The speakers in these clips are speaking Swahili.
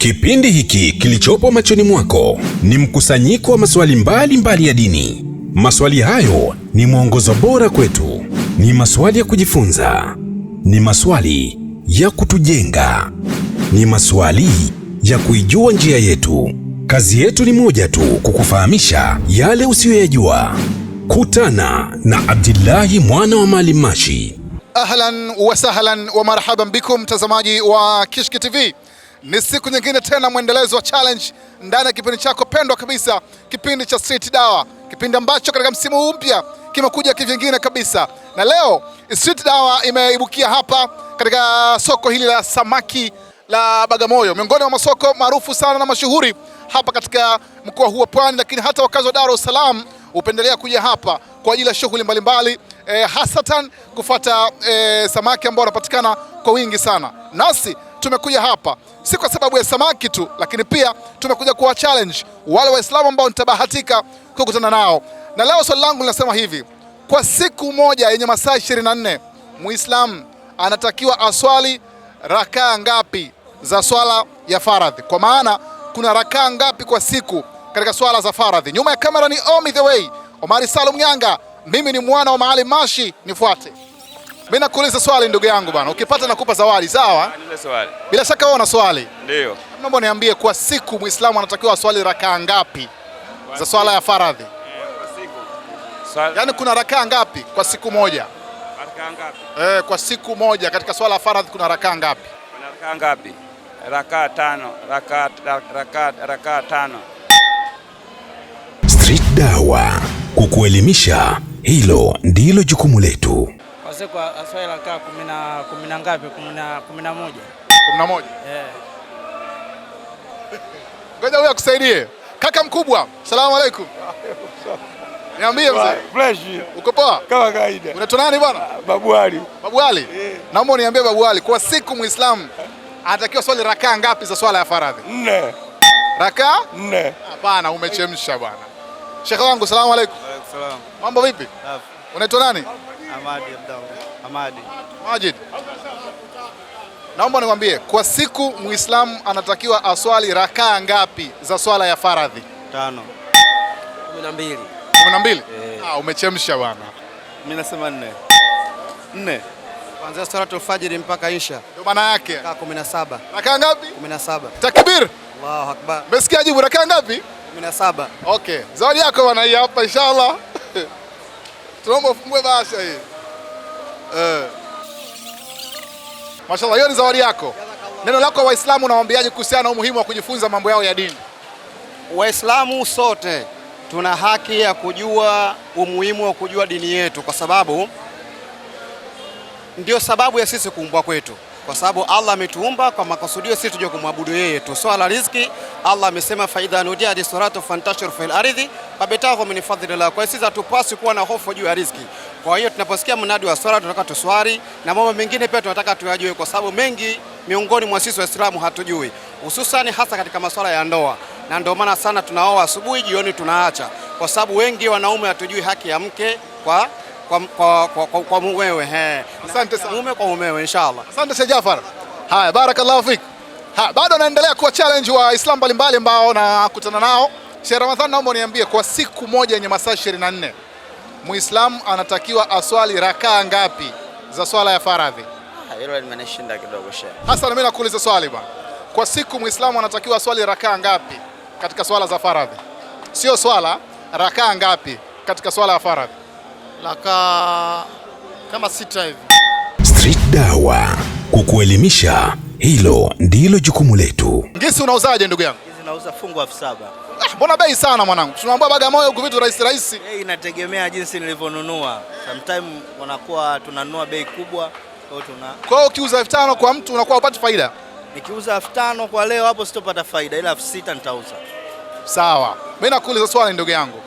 Kipindi hiki kilichopo machoni mwako ni mkusanyiko wa maswali mbalimbali mbali ya dini. Maswali hayo ni mwongozo bora kwetu, ni maswali ya kujifunza, ni maswali ya kutujenga, ni maswali ya kuijua njia yetu. Kazi yetu ni moja tu, kukufahamisha yale usiyoyajua. Kutana na Abdillahi mwana wa Maalim Mashi. Ahlan wa sahlan wa marhaban bikum, mtazamaji wa Kishki TV. Ni siku nyingine tena, mwendelezo wa challenge ndani ya kipindi chako pendwa kabisa, kipindi cha Street Dawa, kipindi ambacho katika msimu huu mpya kimekuja kivingine kabisa, na leo Street Dawa imeibukia hapa katika soko hili la samaki la Bagamoyo, miongoni mwa masoko maarufu sana na mashuhuri hapa katika mkoa huu wa Pwani, lakini hata wakazi wa Dar es Salaam hupendelea kuja hapa kwa ajili ya shughuli mbalimbali eh, hasatan kufuata eh, samaki ambao wanapatikana kwa wingi sana nasi tumekuja hapa si kwa sababu ya samaki tu, lakini pia tumekuja kuwa challenge wale Waislamu ambao nitabahatika kukutana nao. Na leo swali langu linasema hivi, kwa siku moja yenye masaa 24 Muislamu anatakiwa aswali rakaa ngapi za swala ya faradhi? Kwa maana kuna rakaa ngapi kwa siku katika swala za faradhi? Nyuma ya kamera ni Omi the way Omari Salum Nyanga, mimi ni mwana wa Maalim Mashi, nifuate. Mimi nakuuliza swali ndugu yangu bana, ukipata nakupa zawadi sawa? Ah, Bila shaka wewe una swali. Ndio. Naomba niambie kwa siku Muislamu anatakiwa swali rakaa ngapi za swala ya faradhi? Eh, yaani kuna rakaa ngapi kwa siku moja? Rakaa ngapi? Eh, kwa siku moja katika swala ya faradhi kuna rakaa ngapi? Kuna rakaa ngapi? Rakaa tano, rakaa rakaa rakaa tano. Street Dawa kukuelimisha, hilo ndilo jukumu letu kwa Waswahili wanakaa kumi na kumi na ngapi? kumi na moja, kumi na moja. Eh. Ngoja huyo akusaidie. Kaka mkubwa, salamu alaikum. Niambie mzee. Fresh. Uko poa? Kama kawaida. Unaitwa nani bwana? Babu Ali. Babu Ali? Yeah. Naomba uniambie Babu Ali, kwa siku Muislamu anatakiwa swali rakaa ngapi za swala ya faradhi? Nne. Rakaa? Nne. Hapana, umechemsha bwana. Shekhe wangu, salamu alaikum. Alaikum salaam. Mambo vipi? Unaitwa nani? Amadi Abdalla. Amadi. Majid. Naomba nikwambie kwa siku Muislamu anatakiwa aswali rakaa ngapi za swala ya faradhi? Tano. 12. 12? Eh. Ah, umechemsha bwana. Mimi nasema 4. 4. Kuanzia salatu alfajiri mpaka isha. Ndio maana yake. Rakaa 17. Rakaa ngapi? 17. Takbir. Allahu Akbar. Umesikia jibu rakaa ngapi? 17. Okay. Zawadi yako bwana hii hapa inshallah. tunaomba ufungue bahasha hii eh. Mashallah, hiyo ni zawadi yako. Neno lako Waislamu unawaambiaje kuhusiana na umuhimu wa kujifunza mambo yao ya dini? Waislamu sote tuna haki ya kujua umuhimu wa kujua dini yetu, kwa sababu ndio sababu ya sisi kuumbwa kwetu, kwa sababu Allah ametuumba kwa makusudio sisi tuje kumwabudu yeye tu swala riziki Allah amesema faidha nudia as-salatu fantashir fil ardhi wabtaghu min fadlillah. Kwa hiyo sisi hatupaswi kuwa na hofu juu ya riziki. Kwa hiyo tunaposikia mnadi wa swala tunataka tuswali, na mambo mengine pia tunataka tuyajue, kwa sababu mengi miongoni mwa sisi Waislamu hatujui, hususani hasa katika masuala ya ndoa, na ndio maana sana tunaoa asubuhi, jioni tunaacha, kwa sababu wengi wanaume hatujui haki ya mke kwa kwa kwa, kwa, kwa, kwa mumewe. Asante sana mume kwa mumewe, inshallah. Asante Sheikh Jafar. Haya, barakallahu fik. Ha, bado anaendelea kuwa challenge wa Islam mbalimbali ambao nakutana nao. Sheikh ramadhani naomba niambie kwa siku moja yenye masaa 24 Muislamu anatakiwa aswali rakaa ngapi za swala ya faradhi? Ah, hilo limenishinda kidogo Sheikh. Hasa mimi nakuuliza swali bwana. Kwa siku Muislamu anatakiwa aswali rakaa ngapi katika swala za faradhi? Sio swala, rakaa ngapi katika swala ya faradhi? Laka kama sita hivi. Street Dawa kukuelimisha hilo ndilo jukumu letu. Ngisi unauzaje ndugu yangu? Ngisi nauza fungu elfu saba. Ah, mbona bei sana mwanangu? Tunaambia Bagamoyo huku vitu rahisi rahisi. Hey, inategemea jinsi nilivyonunua. Sometimes wanakuwa tunanunua bei kubwa kwa hiyo tuna Kwa hiyo ukiuza elfu tano kwa mtu unakuwa upati faida. Nikiuza elfu tano kwa leo hapo sitopata faida ila elfu sita nitauza. Sawa. Mimi nakuuliza swali ndugu yangu.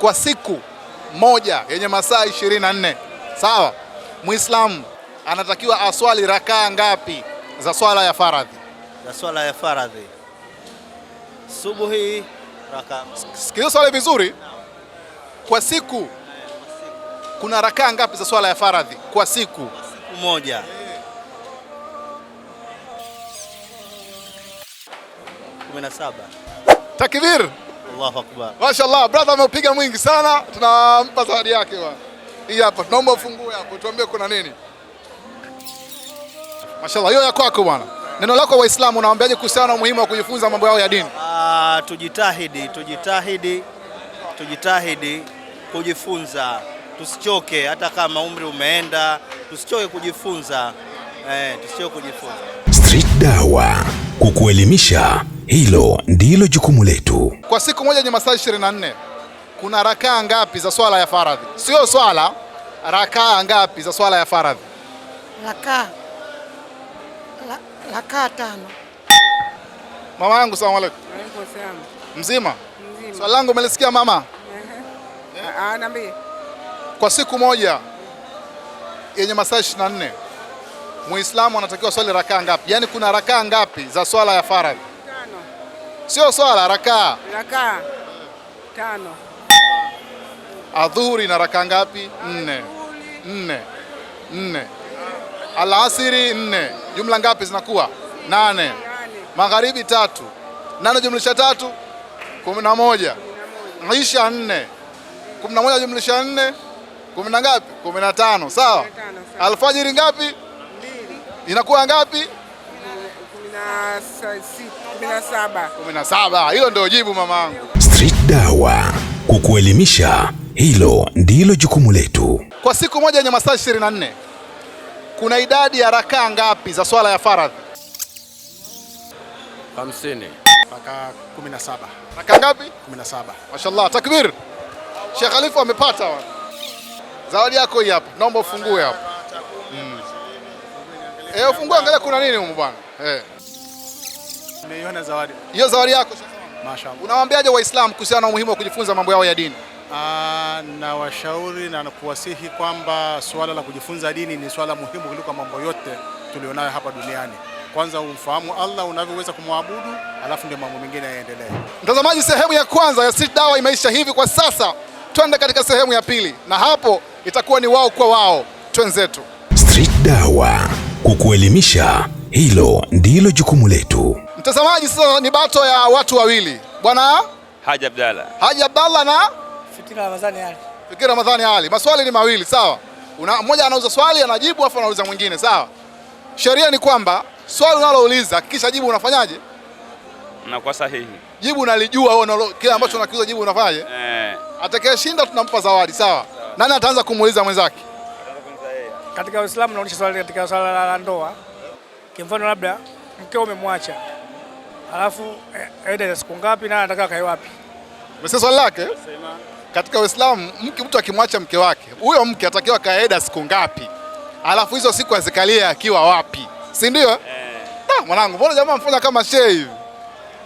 Kwa siku moja yenye masaa 24. Sawa? Muislamu anatakiwa aswali rakaa ngapi? za swala ya faradhi za swala ya faradhi subuhi rakaa. Sikiliza swali vizuri, kwa siku kuna rakaa ngapi za swala ya faradhi kwa siku? siku moja. Kumi na saba. Takbir. Allahu Akbar. Mashaallah, brother ameupiga mwingi sana, tunampa zawadi yake bwana. Hii hapa tunaomba ufungue hapo, tuambie kuna nini. Mashallah, hiyo ya kwako bwana. Neno lako Waislamu, unawaambiaje kuhusiana na umuhimu wa kujifunza mambo yao ya dini? Ah, tujitahidi, tujitahidi, tujitahidi kujifunza, tusichoke hata kama umri umeenda, tusichoke kujifunza eh, tusichoke kujifunza. Street Dawa kukuelimisha, hilo ndilo jukumu letu. Kwa siku moja yenye masaa 24 kuna rakaa ngapi za swala ya faradhi? Sio swala, rakaa ngapi za swala ya faradhi? Rakaa Nakaa tano. Mama yangu, salamu aleikum. Mzima? Mzima. Swali langu umelisikia mama? yeah. Eh? Ah, niambie. Kwa siku moja yenye masaa 24 Muislamu anatakiwa swali rakaa ngapi? Yaani kuna rakaa ngapi za swala ya faradhi? Tano. Sio swala rakaa. Rakaa. Tano. Adhuhuri na rakaa ngapi? Nne. Nne. Nne alasiri nne, jumla ngapi zinakuwa? Nane. Magharibi tatu, nane jumlisha tatu kumi na moja, isha nne, kumi na moja jumlisha nne kumi na ngapi? kumi na tano. Sawa, alfajiri ngapi? inakuwa ngapi? kumi na saba. Hilo ndio jibu mamangu. Street Dawa kukuelimisha, hilo ndilo jukumu letu kwa siku moja yenye masaa 24 kuna idadi ya rakaa ngapi za swala ya faradhi? 50 mpaka 17. Raka ngapi? 17. Mashallah, takbir. Sheikh Khalifa amepata wa. Zawadi yako hii hapa, naomba ufungue hapa. Mm. Eh, ufungue angalia kuna nini huko bwana. Eh. Nimeiona zawadi. Hiyo zawadi yako. Mashallah. Unawaambiaje Waislamu kuhusiana na umuhimu wa kujifunza mambo yao ya dini? Ah, na washauri na kuwasihi kwamba swala la kujifunza dini ni swala muhimu kuliko mambo yote tulionayo hapa duniani. Kwanza umfahamu Allah unavyoweza kumwabudu, alafu ndio mambo mengine yaendelee. Mtazamaji, sehemu ya kwanza ya Sit Dawa imeisha hivi kwa sasa, twende katika sehemu ya pili, na hapo itakuwa ni wao kwa wao. Twenzetu Street dawa kukuelimisha, hilo ndilo jukumu letu. Mtazamaji, sasa ni bato ya watu wawili, bwana Haji Abdalla, Haji Abdalla na Jina Ramadhani Ali. Fikiri Ramadhani Ali. Maswali ni mawili, sawa? Una mmoja anauza swali anajibu afu anauliza mwingine, sawa? Sheria ni kwamba swali unalouliza kisha jibu unafanyaje? Unakuwa sahihi. Jibu unalijua wewe unalo kile ambacho yeah. unakiuliza jibu unafanyaje? Eh. Yeah. Atakayeshinda tunampa zawadi, sawa? Yeah. Nani ataanza kumuuliza mwenzake? Katika Uislamu naonyesha swali katika swala la ndoa. Kwa mfano labda mkeo umemwacha. Alafu eh, aende siku ngapi na anataka kae wapi? Umesema swali lake? Sema. Katika Uislamu mke mtu akimwacha mke wake, huyo mke atakiwa kaeda siku ngapi? Alafu hizo siku azikalia akiwa wapi, si ndio? Eh. mwanangu, mbona jamaa mfanya kama shehe hivi?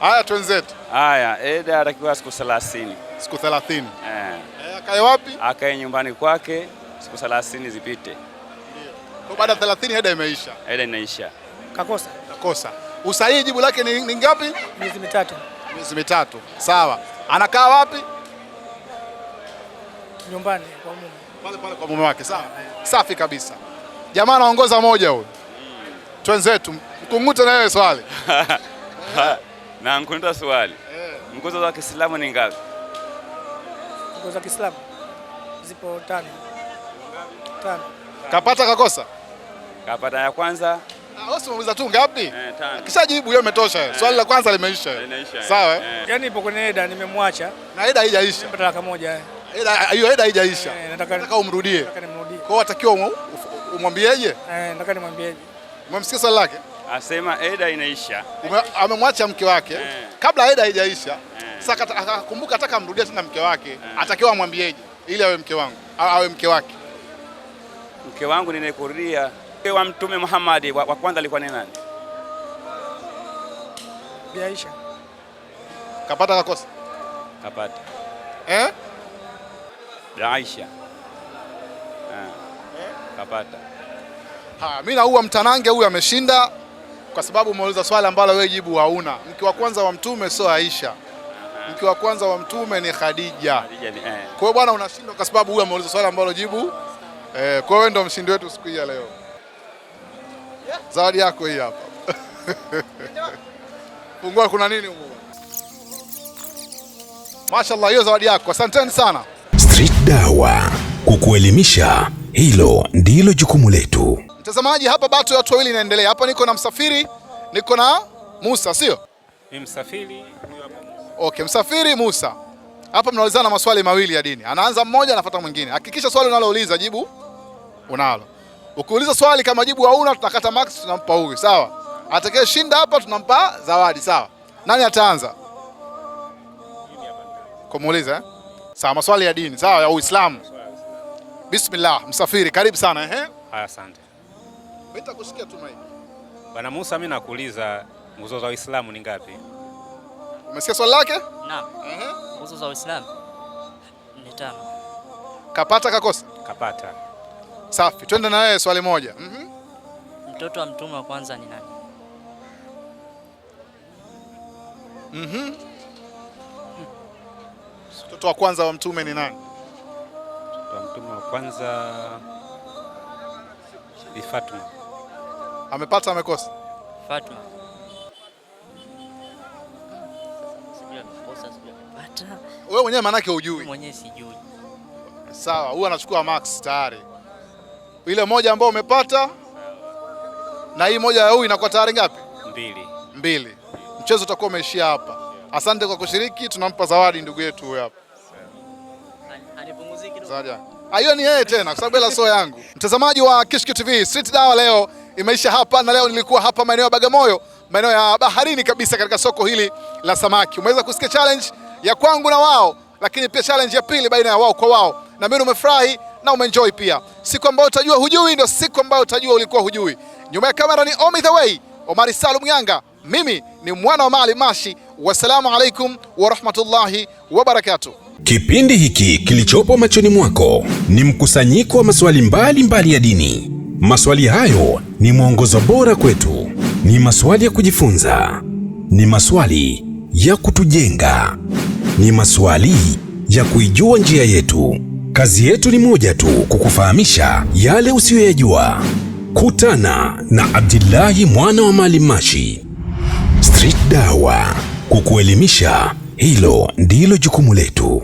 Haya, twenzetu. Haya, eda atakiwa siku 30. Siku 30. Eh. Eh, akae wapi? Akae nyumbani kwake siku 30 zipite. Ndio. Kwa baada ya 30 eda imeisha. Eda inaisha. Kakosa. Kakosa. Usahihi jibu lake ni, ni ngapi? Miezi mitatu. Miezi mitatu. Sawa. Anakaa wapi? nyumbani kwa mume. Pale pale kwa mume wake. Sawa. Safi kabisa. Jamaa anaongoza moja huyo, Mm. Twenzetu Mkunguta, na wewe swali. Na Mkunguta swali. Eh. Nguzo za Kiislamu ni ngapi? Nguzo za Kiislamu zipo tano. Tano. Kapata kakosa? Kapata ya kwanza. Ah, Usimuuliza tu ngapi? Eh, tano. Kisha jibu hiyo imetosha. Eh. Swali la eh. kwanza limeisha. Linaisha. Sawa. Eh. Yaani ipo kwenye eda nimemwacha. Na eda haijaisha. Nimepata laki moja. eh hiyo eda haijaisha, eh, nataka umrudie. Kwa hiyo atakiwa umwambieje? Eh, nataka nimwambieje? Umemsikia swali lake, asema eda inaisha, amemwacha mke wake eh. kabla eda haijaisha. Sasa akakumbuka ataka amrudie tena mke wake, atakiwa amwambieje ili awe mke wangu, awe mke wake? Mke wangu ninayekurudia wa Mtume Muhammad wa kwanza alikuwa ni nani? Bi Aisha. Kapata kakosa? Kapata. Eh? Aisha ah, kapata. Ha, mimi naua mtanange huyu ameshinda kwa sababu umeuliza swali ambalo wewe jibu hauna. Mke wa kwanza wa Mtume sio Aisha, mke wa kwanza wa Mtume ni Khadija. Eh. Kwa hiyo bwana, unashinda kwa sababu huyu ameuliza swali ambalo jibu eh. Kwa hiyo ndio mshindi wetu siku hii ya leo. Zawadi yako hii hapa. Fungua, kuna nini huko? Mashallah, hiyo zawadi yako. Asanteni sana. Street Dawa kukuelimisha, hilo ndilo jukumu letu. Mtazamaji, hapa bado watu wawili inaendelea. Hapa niko na Msafiri, niko na Musa, sio ni Msafiri huyo Okay, Msafiri Musa, hapa mnaulizana maswali mawili ya dini, anaanza mmoja anafuata mwingine. Hakikisha swali unalouliza jibu unalo. Ukiuliza swali kama jibu hauna, tunakata max, tunampa huyu. Sawa, atakaye shinda hapa tunampa zawadi. Sawa, nani ataanza kumuuliza? Eh? Sawa, maswali ya dini sawa, ya Uislamu. Bismillah, msafiri, karibu sana. Ehe, haya, asante. Nitakusikia mimi. Bwana Musa, mimi nakuuliza nguzo za Uislamu ni ngapi? Umesikia swali lake? Naam. nguzo za Uislamu ni tano. Kapata kakosa? Kapata. Safi, twende na wewe swali moja. Mhm. Mm, mtoto wa mtume wa kwanza ni nani? Mhm. Mm Mtoto wa kwanza wa mtume ni nani? Mtoto wa mtume wa kwanza ni Fatuma. Amepata amekosa? Fatuma. Wewe mwenyewe maanake hujui. Mwenyewe sijui. Sawa, huyu anachukua max tayari. Ile moja ambayo umepata na hii moja ya huyu inakuwa tayari ngapi? Mbili. Mbili. Mchezo utakuwa umeishia hapa. Asante kwa kushiriki, tunampa zawadi ndugu yetu huyo hapa. Ah, hiyo ni yeye tena, kwa sababu hela sio yangu. Mtazamaji wa Kishki TV, Street Dawa leo imeisha hapa, na leo nilikuwa hapa maeneo ya Bagamoyo, maeneo ya baharini kabisa, katika soko hili la samaki. Umeweza kusikia challenge ya kwangu na wao, lakini pia challenge ya pili baina ya wao kwa wao, na mimi umefurahi na umeenjoy pia. Siku ambayo utajua hujui ndio siku ambayo utajua ulikuwa hujui. Nyuma ya kamera ni Omi the way, Omari Salum Yanga. Mimi ni mwana wa Mali Mashi. Wassalamu alaikum warahmatullahi wabarakatuh. Kipindi hiki kilichopo machoni mwako ni mkusanyiko wa maswali mbalimbali mbali ya dini. Maswali hayo ni mwongozo bora kwetu, ni maswali ya kujifunza, ni maswali ya kutujenga, ni maswali ya kuijua njia yetu. Kazi yetu ni moja tu, kukufahamisha yale usiyoyajua. Kutana na Abdillahi mwana wa Maalim Mashi. Street Dawa, kukuelimisha, hilo ndilo jukumu letu.